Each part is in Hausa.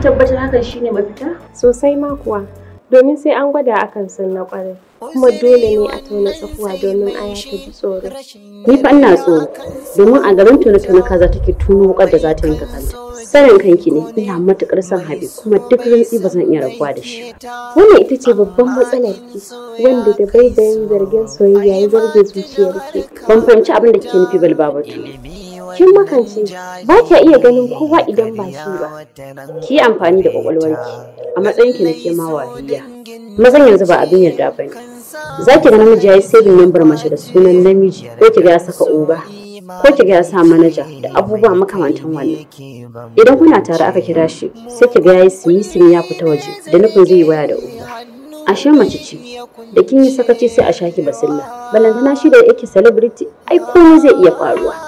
tabbatar hakan shine mafita? Sosai ma kuwa. Domin sai an gwada akan sun na kwarai. Kuma dole ne a tauna tsakuwa domin a ta ji tsoro. Ni fa ina tsoro. Domin a garin tuna-tuna kaza take tuno wukar da za ta yanka kanta. sanin kanki ne ina matukar son habi kuma duk rantsi ba zan iya rabuwa da shi wannan ita ce babban matsalar ki wanda da bai da zargin soyayya ya zarge zuciyar ki ban fahimci abin da kike nufi balbabatu Kin makance, ba kya iya ganin kowa idan ba shi ba. Ki yi amfani da kwakwalwarki a matsayin ki na ke ma wahiya. Mazan yanzu ba abin yarda ba ne. Za ki ga namiji ya yi sabin lambar mace da sunan namiji ko ki ga ya saka Oba, Ko ki ga ya sa manaja da abubuwa makamantan wannan. Idan kuna tare aka kira shi sai ki ga ya yi simi ya fita waje da nufin zai yi waya da oga. ashe mace ce da kin yi sakaci sai a shaki basilla balantana shi da yake celebrity ai komai zai iya faruwa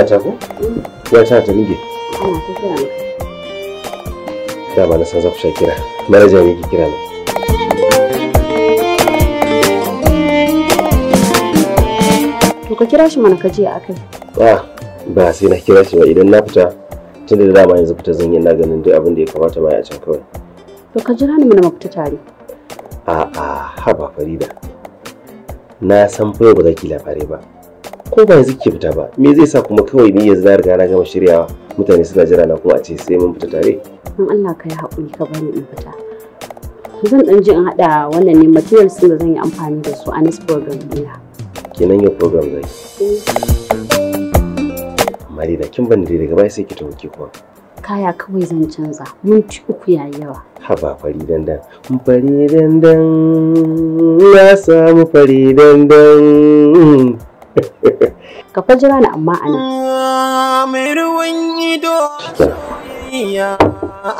waya ta ko mm. ya ta ta rige da ba na san zaku shakira manaja ne ki kira na to ka kira shi mana ka je akai a ba sai na kira shi ba idan na fita tun da dama yanzu fita zan yi na ganin duk abin da ya kamata ma ya can kawai to ka jira ni mana mu fita tare a'a haba farida na san fa ba za ki labarai ba ko ba yanzu ke fita ba me zai sa kuma kawai ni yanzu na riga na gama shiryawa mutane suna jira na kuma a ce sai mun fita tare don Allah ka yi haƙuri ka bani in fita zan dan je in haɗa wannan ne materials da zan yi amfani da su a next program ɗina kenan ya program zai eh. mari da kin bani daga baya sai ki tawo ki kuma kaya kawai zan canza minti uku ya yawa haba fari dandan fari dandan na samu fari dandan ka fa jira ni amma a nan mai ruwan ido soyayya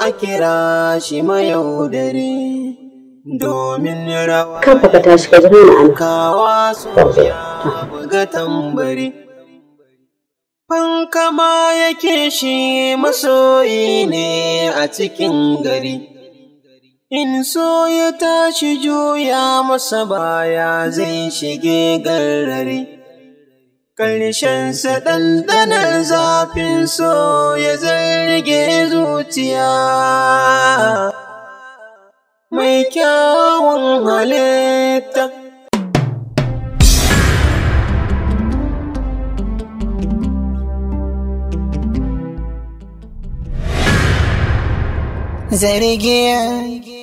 a kira shi mayaudari domin rawa kan fa ka tashi ka jira ni a nan kawa soya buga tambari fankama yake shi masoyi ne a cikin gari In so ya tashi juya masa baya zai shige garrari. sa ɗanɗanar zafin so ya zarge zuciya. Mai kyawun halitta Zargi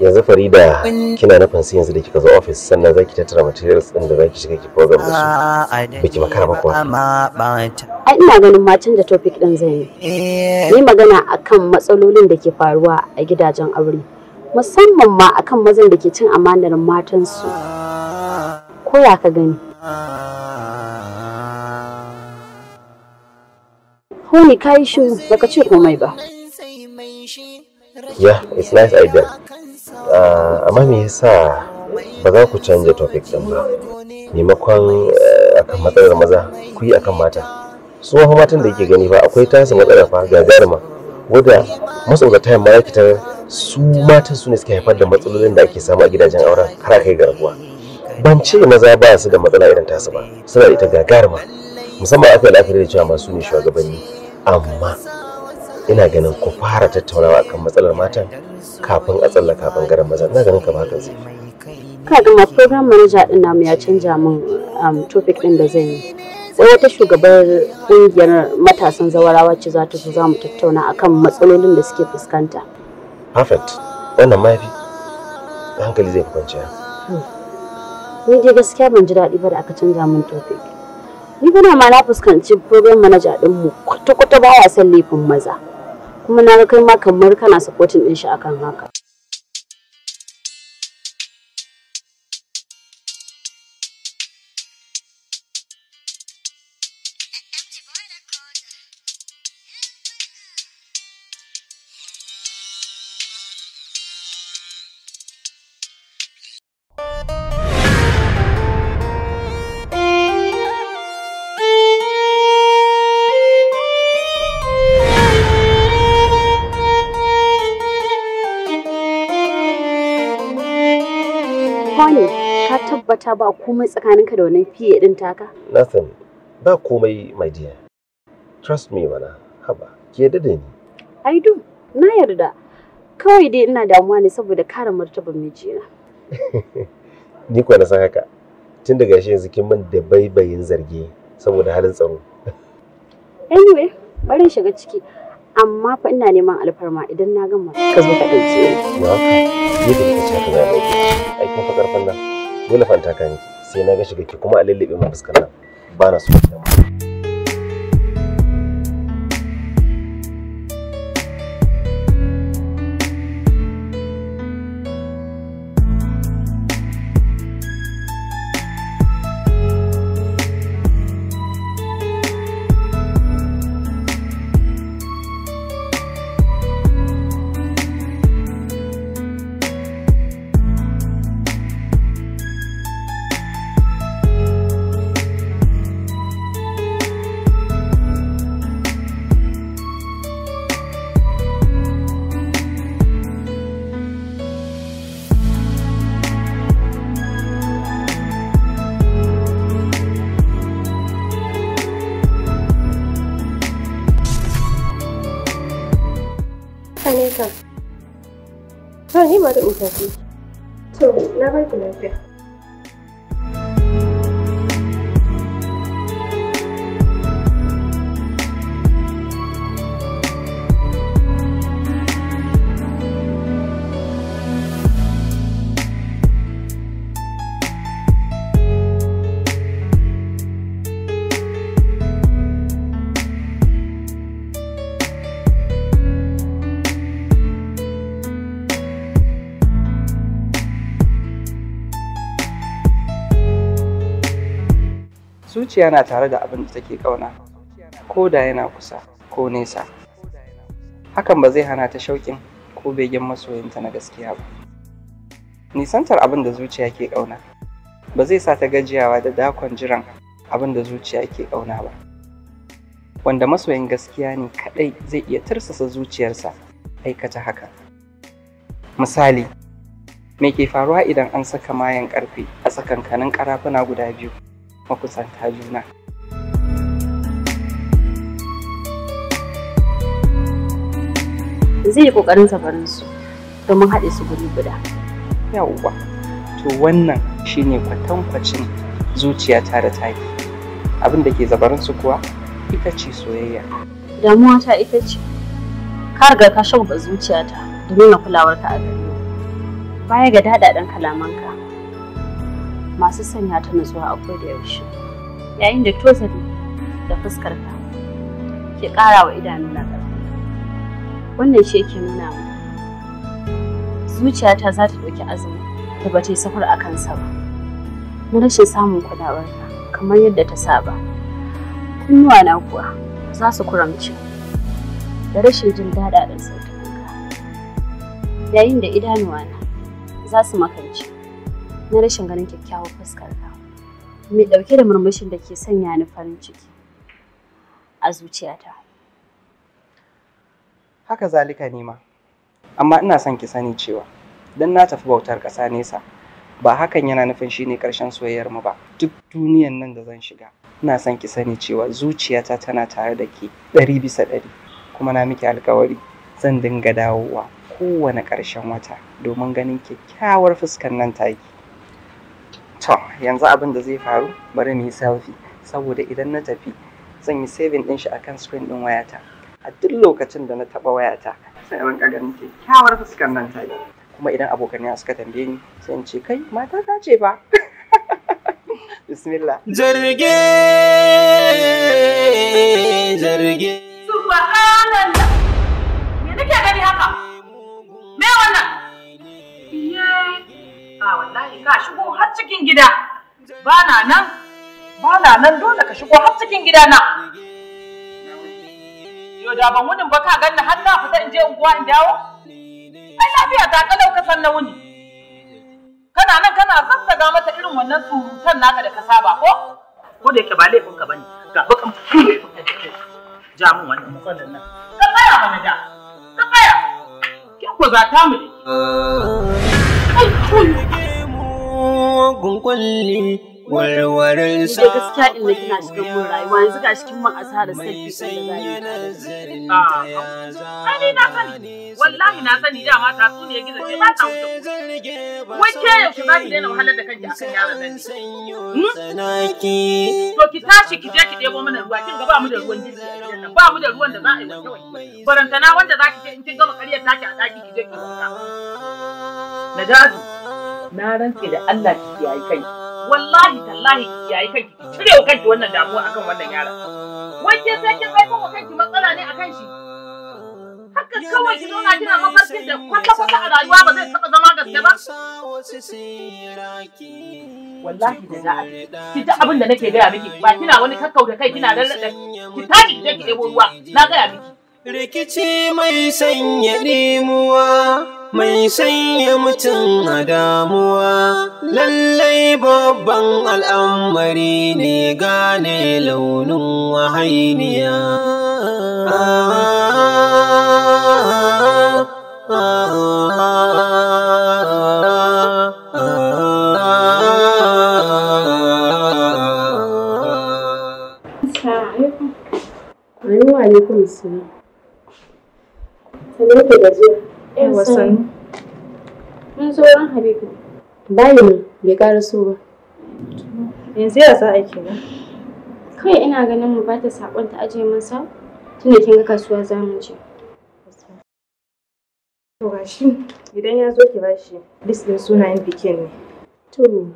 yanzu farida kina na fansi yanzu da kika zo office sannan zaki tattara materials din da zaki shiga ki program da su biki makara ba ai ina ganin ma da topic din zai yi eh. ni magana akan matsalolin da ke faruwa a gidajen aure musamman ma akan mazan da ke cin amanar matansu ko ya ka gani Honi shi shi baka ce komai ba. yeah it's nice idea ah, amma me yasa ba za ku canja topic din ba maimakon eh, akan matsalar maza ku yi akan mata su ma matan da yake gani ba akwai tasu matsalar fa gagarima wadda da yamma mai fitar su matan su ne suke haifar da matsalolin da ake samu a gidajen auren har kai garkuwa ban ce maza ba su da matsala irin tasu ba suna da ita gagarima musamman aka da da cewa masu ne shugabanni amma ina ganin ku fara tattaunawa akan matsalar matan kafin a tsallaka bangaren maza ina ganin kamar ka zai ka gama program manager din namu ya canja min um, topic din da zan yi sai wata shugabar kungiyar matasan zawarawa ce za ta zo za mu tattauna akan matsalolin da suke fuskanta perfect wannan mafi hankali zai fi kwanciya hmm. ni dai gaskiya ban ji daɗi ba da aka canja min topic ni bana ma na fuskanci program manager din mu kwata-kwata baya son laifin maza kuma na ga kai ma kamar kana supporting din shi akan haka tabbata ba komai tsakaninka da wannan fiye din taka? Nothing. Ba komai, my dear. Trust me mana, haba, ki yarda da ni. I do, na yarda. Kawai dai ina damuwa ne saboda kare martaban mijina. ni kuwa na san haka. Tun daga shi yanzu kin min da baibayin zargi saboda halin tsaro. Anyway, bari shiga ciki. amma fa ina neman alfarma idan na gama ka zo ka ɗauke ni. Ni da ka ce ka za ɗauke. Ai kun fa ƙarfin nan. dole fanta ka ne sai na ga shiga ki kuma a lallabe ma fuskar nan ba na so ki damu To ni ma da in tafi. To na barki lafiya. zuciya na tare da abin da take ƙauna ko da yana kusa ko nesa hakan ba zai hana ta shauƙin ko begen masoyinta na gaskiya ba nisantar abin da zuciya ke ƙauna ba zai sa ta gajiyawa da dakon jiran abin da zuciya ke ƙauna ba wanda masoyin gaskiya ne kaɗai zai iya tursasa zuciyarsa aikata haka misali me ke faruwa idan an saka mayan ƙarfe a tsakankanin ƙarafuna guda biyu makusanta juna zai yi kokarin safarin su domin haɗe su guri guda yawwa to wannan shi shine kwatankwacin zuciyata da taki abin da ke zabarin kuwa ita ce soyayya damuwa ta ita ce ka riga ka ta zuciyata na kulawar kulawarka a gari. baya ga daɗaɗen kalamanka masu sanya ta nutsuwa a da yaushe yayin da tozali da fuskar ka ke ƙara wa idanuna ƙarfi wannan shi yake nuna mu zuciyata za ta ɗauki azumi da ba ta yi safar a kansa ba na rashin samun kulawar kamar yadda ta saba kunnuwana kuwa za su kuramce da rashin jin daɗaɗin sautin yayin da idanuwana za su makance na rashin ganin kyakkyawar fuskar ka mai ɗauke da murmushin da ke sanya ni farin ciki a zuciyata haka zalika ne amma ina son ki sani cewa dan na tafi bautar ƙasa nesa ba hakan yana nufin shine ƙarshen soyayyar mu ba duk duniyan nan da zan shiga ina son ki sani cewa zuciyata tana tare da ke ɗari bisa ɗari kuma na miki alkawari zan dinga dawowa kowane ƙarshen wata domin ganin kyakkyawar fuskar nan taki to yanzu abin da zai faru bari mu yi saboda idan na tafi zan yi saving din shi akan screen din wayata a duk lokacin da na taba wayata sai ran ka ganin kyakkyawar fuskar nan ta kuma idan ya suka tambaye ni sai in ce kai mata ta ce ba bismillah zarge subhanallah wallahi ka shigo har cikin gida ba na nan ba na nan dole ka shigo har cikin gida na yo da ban wunin ba ka ganna har na fita in je unguwa in dawo ai lafiya ta kalau ka san na wuni kana nan kana sassaga mata irin wannan surutan naka da ka saba ko ko da yake ba laifin ka bane ga bakan ja mun wannan matsalar nan ka tsaya mana da ka tsaya Ki ko za ta mu ne mugun warwarin sa. Da gaskiya wallahi na sani dama ta ya gizo ce ba ta wuce. Wai ke daina wahalar da kanki akan yaran hmm? To ki tashi ki je ki ɗebo mana ruwa kin ga ba mu da ruwan a ba mu da ruwan da za a yi Barantana wanda za ki je in kin gama karyar taki a ɗaki ki je ki wanka. na rantse da Allah ki kiyaye kai wallahi tallahi ki kiyaye kai ki cire wa kanki wannan damuwa akan wannan yara wanke sai kin haifar wa kanki matsala ne akan shi haka kawai ki zauna kina mafarkin da kwata kwata a rayuwa ba zai taba zama gaske ba wallahi da za a ki ta abin da nake gaya miki ba kina wani da kai kina rarrada ki tashi ki je ki ɗebo ruwa na gaya miki rikici mai sanya ɗimuwa mai sanya mutum a damuwa lallai babban al'amari ne gane launin wahainiya Assalamu alaikum. Eh wasan. Mun zo ran Habibu. Bayi ne bai ƙara so ba. Yanzu ya sa aiki na. Kawai ina ganin mu bata saƙon ta aje masa tunda kin ga kasuwa za mu je. To gashi idan ya zo ki bashi list ɗin sunayen bikin ne. To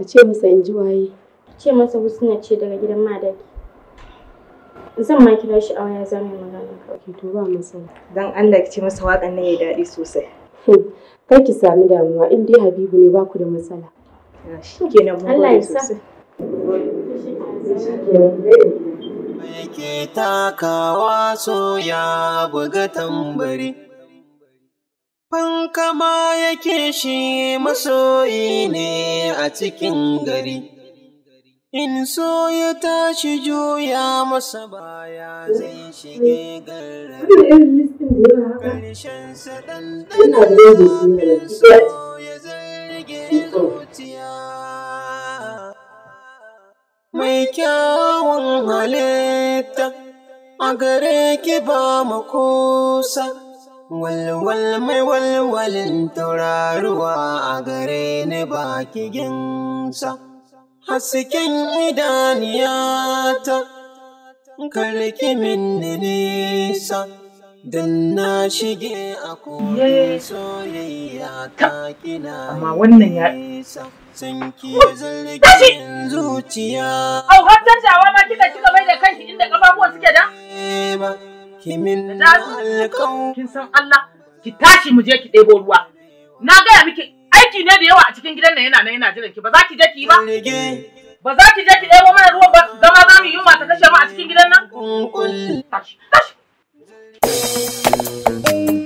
a ce masa in ji waye. A ce masa Husna ce daga gidan Madaki. Zan ma kira shi a waya za mu yi magana kawai. To ba matsala. Dan Allah ki ce masa waƙan nan ya daɗi sosai. Hmm. Kar ki sami damuwa in dai Habibu ne ba ku da matsala. Ah, shi nan, mun gode sosai. Mai ke takawa soya buga tambari. Fankama yake shi masoyi ne a cikin gari. In so ya tashi juya masa baya zai shige ƙarshen sa ɗanɗanon so ya zarge zuciya. Mai kyawun halitta a gare ki ba mu kusa. Walwal mai walwalin tauraruwa a gare ni ba ki hasken idaniyata, karki min nisa, don na shige a kone soyayya ta kina Amma wannan ya Sanki zargin zuciya. Au, har canjawa ma kika kika bai da kanki inda kafafuwa suke da? Kimin alƙawar. Kin san Allah, ki tashi mu je ki ɗebo ruwa. Na gaya miki aiki ne da yawa a cikin gidan nan yana nan yana jiran ki ba za ki je ki ba ba za ki je ki ɗebo mana ruwan ba zama za mu yi ma ta kashe mu a cikin gidan nan tashi tashi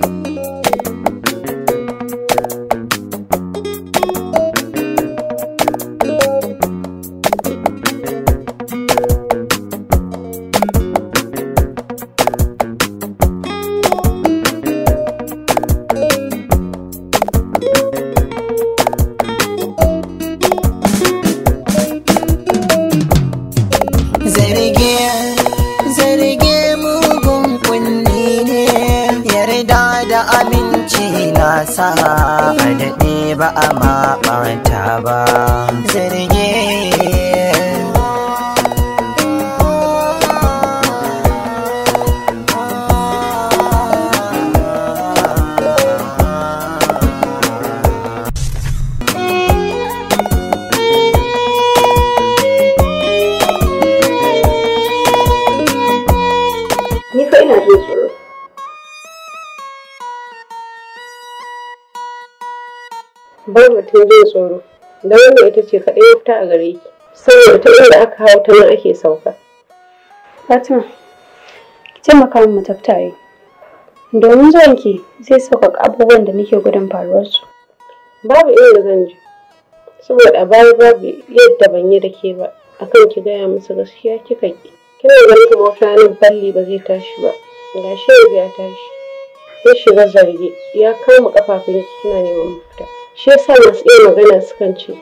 sa ba daɗe ba a mabanta ba. Zirin bar mutum jin tsoro da wanda ita ce kaɗai fita a gare ki saboda ta inda aka hau ta nan ake sauka fatima ki taimaka min mu tafi yi. domin ki zai sauƙaƙa abubuwan da nake gudun faruwarsu babu da zan je saboda a baya babu yadda ban yi da ke ba akan ki gaya musu gaskiya kika ki kina ganin kuma wata ranar balli ba zai tashi ba ga shi ya tashi ya shiga zargi ya kama kafafun kina neman mafita shi yasa masu iya magana sukan ce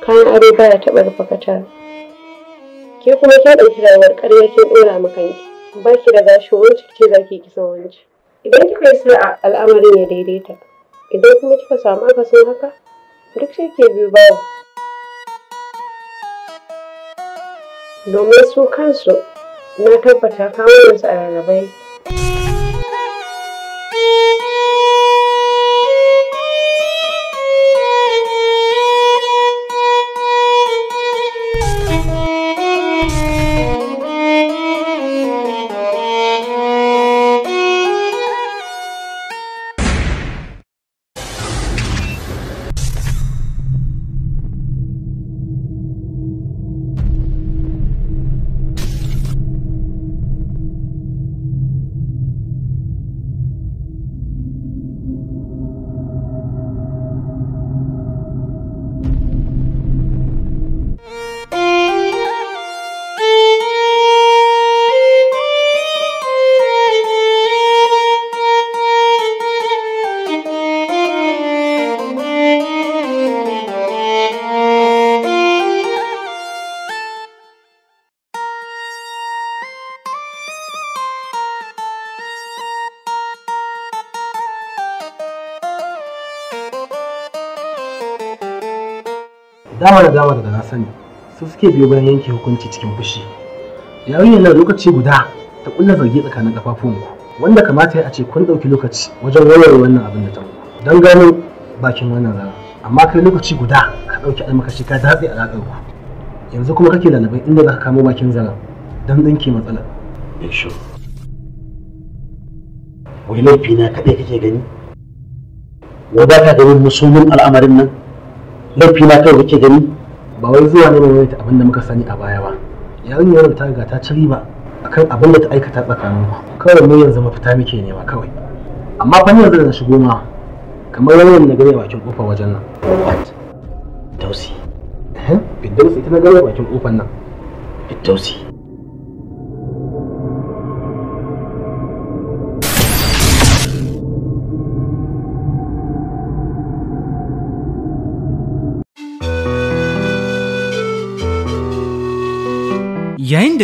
kayan ado baya taɓa rufe kata ke kuma kin ɗauki rayuwar ƙarya kin ɗora ma kanki ba ki da gashin wanci ce za ki kisan wancan. idan kika yi sa'a al'amarin ya daidaita idan kuma kika samu akasin haka duk shi ke biyu bawa domin su kansu na tabbata kawo su a rarrabai dama da dama da na sani su suke biyo bayan yanke hukunci cikin fushi yayin nan lokaci guda ta kulla zargi tsakanin kafafunku wanda kamata ya a ce kun ɗauki lokaci wajen warware wannan abin da ta don gano bakin wannan rana amma kai lokaci guda ka ɗauki almakashi ka datse alaƙar ku yanzu kuma kake lalabai inda za ka kamo bakin zara don matsala matsalar. Yasho. Wai laifi na kaɗai kake gani? Wai ba ka musulmin al'amarin nan? laifi na kai kake gani ba wai zuwa ne mai ta abin da muka sani a baya ba yarinyar ta riga ta ci riba akan abin da ta aikata tsakanin kawai mu yanzu mafita muke ne nema kawai amma fa yanzu da na shigo ma kamar wannan na gare bakin kofa wajen nan tausi eh ita na gare bakin kofar nan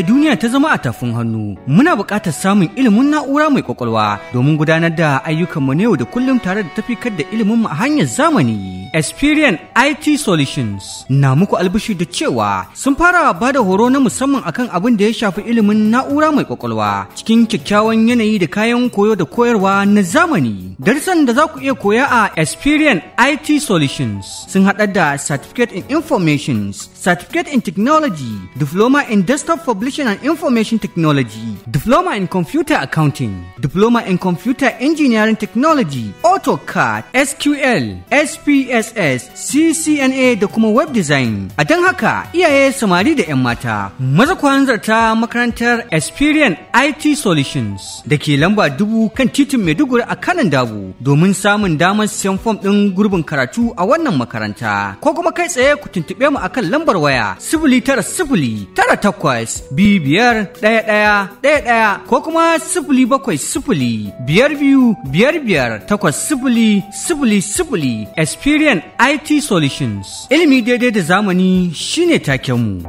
da duniya ta zama a tafin hannu muna buƙatar samun ilimin na'ura mai kwakwalwa domin gudanar da ayyukanmu na yau da kullum tare da tafikar da ilimin mu a hanyar zamani experian it solutions na muku albishi da cewa sun fara ba da horo na musamman akan abin da ya shafi ilimin na'ura mai kwakwalwa cikin kyakkyawan yanayi da kayan koyo da koyarwa na zamani darussan da za ku iya koya a experian it solutions sun haɗa da certificate in information certificate in technology diploma in desktop public Information and Information Technology, Diploma in Computer Accounting, Diploma in Computer Engineering Technology, AutoCAD, SQL, SPSS, CCNA da kuma Web Design. A don haka iyaye samari da 'yan mata, maza kwanzarta makarantar Experian IT Solutions da ke lamba dubu kan titin Maiduguri a kanan dabu domin samun damar siyan fom ɗin gurbin karatu a wannan makaranta. Ko kuma kai tsaye ku tuntuɓe mu akan lambar waya sifili tara sifili tara takwas biyar ɗaya ɗaya ɗaya ɗaya ko kuma sifili bakwai sifili biyar biyu biyar biyar takwas sifili sifili sifili experian IT solutions ilimi daidai da zamani shine takenmu.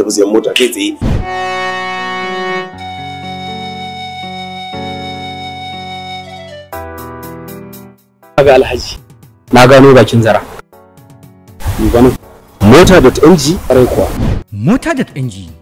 mu. siyan Ga alhaji. Na gano bakin zara. Gano. mota.ng kuwa. mota.ng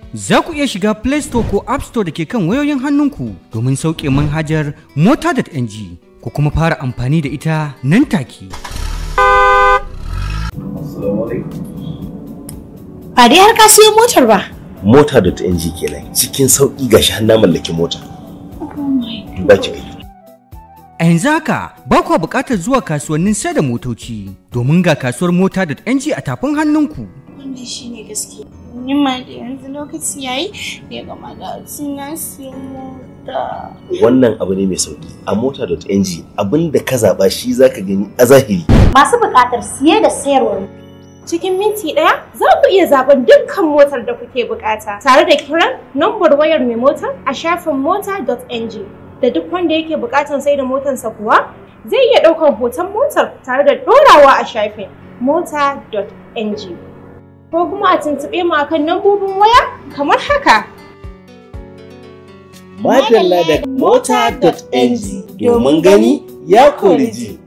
za ku iya shiga Play Store ko App Store da ke kan wayoyin hannunku domin sauƙe manhajar mota.ng ku kuma fara amfani da ita nan take. Ba dai har ka siyo motar ba. Mota.ng kenan cikin sauƙi ga har na mallaki mota. Duba oh ki gani. A yanzu haka ba kwa buƙatar zuwa kasuwannin sai da motoci domin ga kasuwar mota.ng a tafin hannunku. wannan shine nima da yanzu lokaci yayi da ya gama da mota wannan abu ne mai sauki a mota.ng abin da ka zaba shi zaka gani a zahiri masu buƙatar siye da sayarwar cikin minti ɗaya za ku iya zaben dukkan motar da kuke bukata tare da kiran nambar wayar mai motar a shafin mota.ng da duk wanda yake bukatar sai da motarsa kuwa zai iya ɗaukar hoton motar tare da ɗorawa a shafin mota.ng ko kuma a tuntuɓe mu akan lambobin waya kamar haka. Madalla da mota.ng domin gani ya kori ji.